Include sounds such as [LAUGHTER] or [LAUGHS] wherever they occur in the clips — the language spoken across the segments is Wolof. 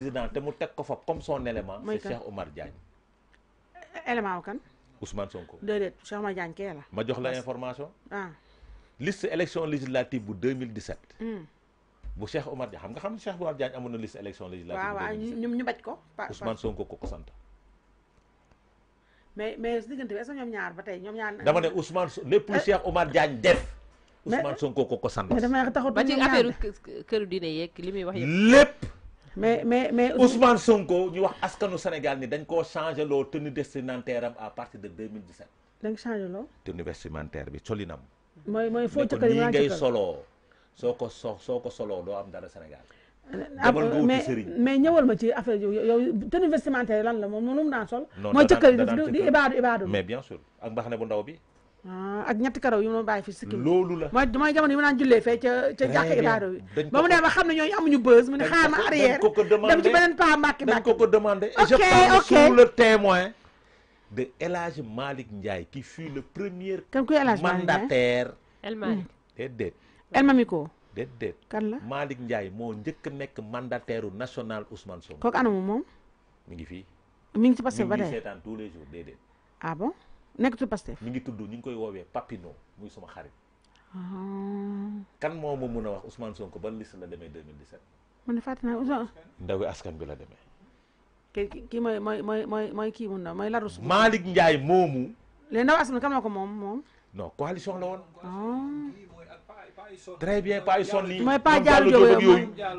président te mu teg ko fa comme son élément c'est kan? Cheikh Omar Diagne élément wa kan Ousmane Sonko dedet Cheikh Omar Diagne kee la ma jox la information ah liste élection législative bu 2017 hmm bu Cheikh Omar Diagne xam nga xam Cheikh Omar Diagne amoon liste élection législative wa wa ñu ñu baj ko Ousmane Sonko ko ko sant mais mais digënté bi est-ce que ñaar ba tay ñom ñaar dama né Ousmane lépp lu euh, Cheikh Omar Diagne def Ousmane Sonko ko ko sant ba ci affaire këru diine yek limi wax yek. Lepp mais mais mais Ousmane Sonko ñu wax askanu Sénégal ni dañ koo changé loo tenue vestimentaire am à partir de 2017. dañ changé loo. tenue vestimentaire bi solinam. mooy mooy foo cëkkal yi ngay solo soo ko so soo ko soloo doo am dara Sénégal. Euh, mais mais ñëwal ma ci affaire yow yow tenue vestimentaire lan la moom nu mu daan sol. mooy cëkkal yi di ibaadu ibaadu. mais bien sûr ak mbaxane bu ndaw bi. Ah, ak ñetti karaw yu ma bàyyi fi sikki loolu la mooy yi ma naan jullee fee ca ca jàkk ibaado bi ba mu ne ma xam ne ñooñu amuñu buzz mu ne xaar ma arrière dem ci beneen pas mbàkki mbàkki dañ ko ko demandé je le témoin de El Hadj Malick Ndiaye qui fut le premier kan kuy El Hadj mandataire mm. kan la Malick Ndiaye moo njëkk nekk mandataire u national Ousmane Sonko kooku anamu moom mi ngi fii mi ngi ci passé ba tey mi les jours déedéet ah bon nek tu Pastef mi ngi tuddu ñing koy wowe Papino muy sama xarit ah. kan mo mo mun wax Ousmane Sonko ban liste la démé 2017 mu ne fàtte Ousmane ndawi askan bi la démé ki ki moy moy moy moy mooy kii mun na la rousse malik ndjay momu le ndaw askan kan mako mom mom non coalition la won ah. très bien paa yu sonn moy mooy jall jaaru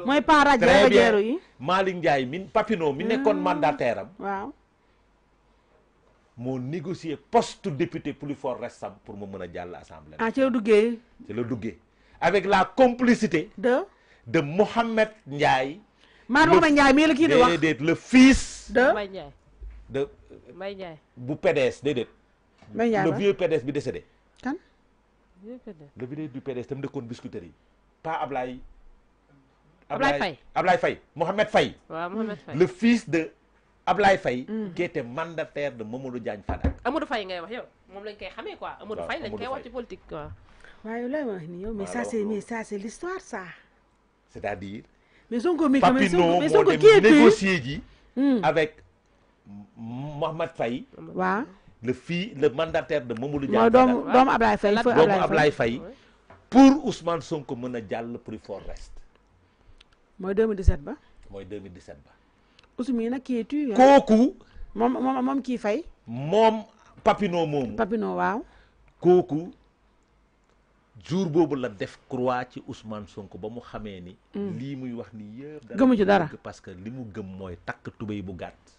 moy yooyu radio paa yi malik ndjay min Papino mi nekkon ah. mandataire am waaw moo négocier poste député plus fort restam pour mu mën a jàll assemblée. ah ci la duggee. ci la duggee avec la complicité. de de Mohamed Ndiaye. maanaam Mohamed Ndiaye mii la qui di wax le fils. de Mbaye Ndiaye. de Mbaye Ndiaye. bu PDS déedéet. Mbaye le vieux PDS bi décédé. kan. vieux le vieux du PDS tam dëkkoon biscuiterie pas Ablaye. Ablaye Fay. Ablaye Fay. Mohamed Fay. wa Mohamed Fay. le fils de. Ablaye Faye. Mm. qui était mandataire de Mamadou Diagne Fada. Amadou Faye ngay wax yow mom lañ koy xamé quoi. Amadou Faye lañ koy wax ci politique quoi. waaye lay wax ni yow mais ça c'est mais ça c'est l'histoire ça. c'est-à-dire. mais Sonko mi mais Sonko qui Sonko négocié dit ji. Mm. avec Mohamed Faye. Wa. le fii le mandataire de Mamadou Diagne Fada. doomu doomu Ablaye Faye foofu Ablaye Faye. pour Ousmane Sonko meuna a pour prix fort reste. 2017 ba. mooy 2017 ba. Ousseynou nag kii tuy. Ah. kooku. moom moom kii fay. moom papino moomu. papino waaw. kooku jour boobu la def croix ci Ousmane Sonko ba mu xamee ni. Mm. lii muy wax ni yëpp. gëmu ci dara parce que li mu gëm mooy takk tubéy bu gàtt.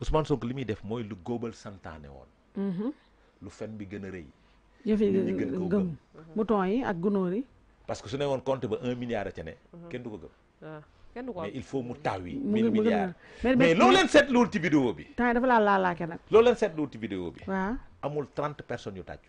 Ousmane Sonko li muy def mooy lu góobal santaane woon. Mhm. lu fen bi gën a rëy. yëf yi gën koo gëm mouton yi ak gunóor yi. parce que su ne woon compte ba un milliard a ca ne. Mhm. kenn du ko gëm. Ah, mais il faut mu taw yi. mille milliards mais loo leen seetluwul ci vidéo bi. temps dafa laa laalaake nag. loo leen seetluwul ci vidéo bi. waaw amul trente personnes yu tàccu.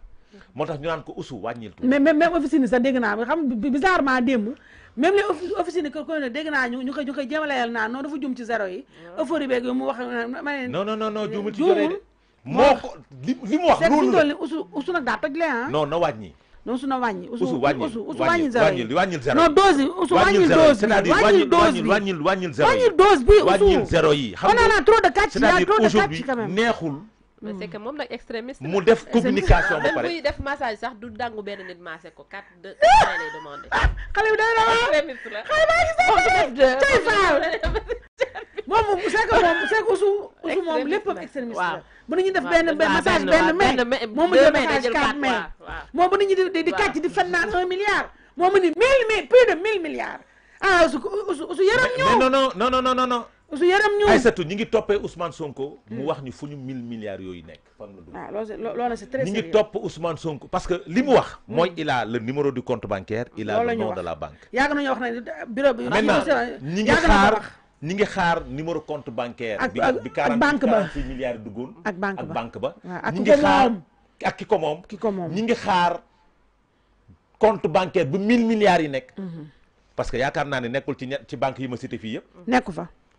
moo tax ñu naan ko usu wàññil tuuti mais même même officine que dégg naa xam bizarrement démb même les officine ko ko ne dégg naa ñu ñu koy ñu koy jéem a layal naan non dafa jum ci zéro yi euphorie beeg yi mu wax ma ne non non non juumul ci zéro de moo ko li li mu wax loolu la usu usu nag daa toj lee ah non na wàññi non su na wàññi usu wàññil usu wàññil zéro yi wàññil zéro non dose usu wàññil dose bi wàññil dose bi wàññil zéro yi dose bi usu wàññil zéro yi xam nga on a trop de kàcc trop de kàcc quand même mais c'est hmm. que moom nag extrémiste mu def [LAUGHS] communication ba pare muy def massage sax du dàngu benn nit massé ko kat de ay [LAUGHS] lay demandé xale bi day rawa extrémiste la xale baa ngi sax tey faaw moom c'est que moom c'est que usu usu moom léppam extrémiste la bu nañu def benn massage benn mai moom mu jël massage quatre mai moom bu nañu di di kàcc di fen naan milliard moom mu ni mille mille plus de mille milliards ah usu usu usu yaram ñëw non su yaram ñu Aïssatou ñi ngi toppee Ousmane Sonko. mu wax ñu fu ñu mille milliards yooyu nekk. fan la dugg waaw ah, loolu parce que li mu wax. mooy hmm. il a le numéro du compte bancaire. il a le nom de la banque. yàgg nañu wax ne ngi xaar numéro compte bancaire. ak bi banque ba bi banque ba ak ba. ñi ngi xaar ak ki ko moom. ki ko moom ngi xaar compte bancaire bu mille milliards yi nekk. Mhm. parce que yaakaar naa ne nekkul ci ñett banque yi ma cité fii yëpp. nekku fa.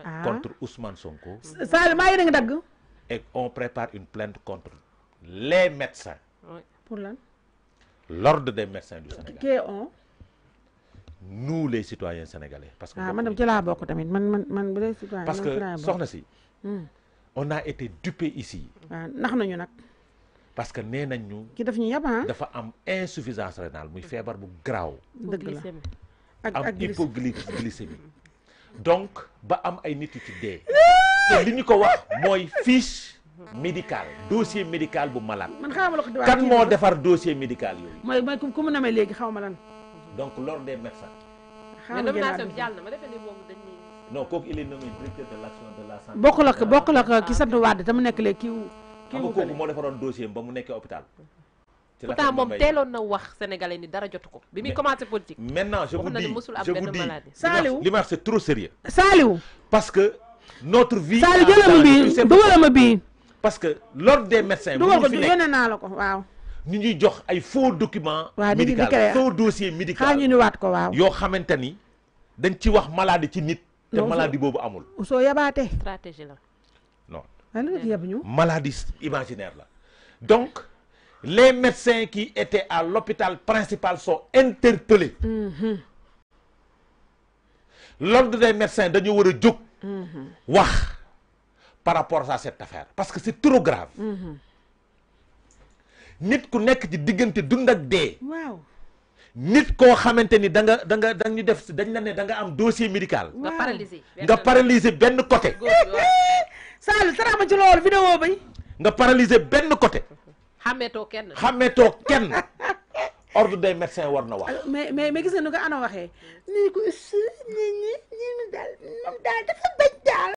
Ah. contre Ousmane Sonko. Salim maa ngi dagg. et on prépare une plainte contre les médecins. pour lan. l'ordre des médecins du Sénégal. qui est on. nous les citoyens sénégalais. parce que ah, man de ci laa bokk tamit man man man bu citoyens citoyen parce que soxna si. Hmm. on a été dupé ici. Ah nax nañu parce que nee nañ ñu. ki daf ñu hein? dafa am insuffisance rénale muy fièvre bu garaaw. dëgg la ak ak hypoglycémie donc ba am ay nit yu ci dee te li ñu ko wax mooy fiche médical dossier médical bu malade man xaw ma la ko moo defar dossier médical yooyu mooy mooy ku mu namee léegi xaw ma lan donc l'ordre des médecins mais nomination bi na ma defe ni moom dañ non kooku il est nommé directeur de l'action de la santé bokkul ah, euh, ki ah, sant Wade te mu nekk léegi kii kii kooku moo defaroon dossier ba mu nekkee hôpital pourtant moom teeloon na wax sénégalais ni dara jotu ko bi muy commencé politique maintenant je vous dis je vous dis li ma wax c'est trop sérieux Saliou parce que notre vie Saliou jëlama bii dugalama parce que l'ordre des médecins dugal ko yónnee naa la ko waaw ñu ñuy jox ay faux documents médical faux dossier médical xaar ñu ni waat ko waaw yoo xamante ni dañ ci wax maladie ci nit te maladie boobu amul soo yabaatee stratégie la non maladie imaginaire la donc les médecins qui étaient à l'hôpital principal sont interpellés. Mhm. L'ordre des médecins de New York, par rapport à cette affaire. Parce que c'est trop grave. Mhm. nit ku nekk ci diggante dund ak dee. waaw nit koo xamante ni da nga da nga da ñu def dañ la ne da nga am dossier médical. nga paralysé nga paralysé ben côté. [LAUGHS] Salut, sarama ci vidéo bay. nga paralysé ben côté. xàmmeetoo kenn too kenn ordre des médecins war na wax. mais mais mais gis nga nu ko ana waxee. nii ko su nit ñi ñi daal dafa bañ daal.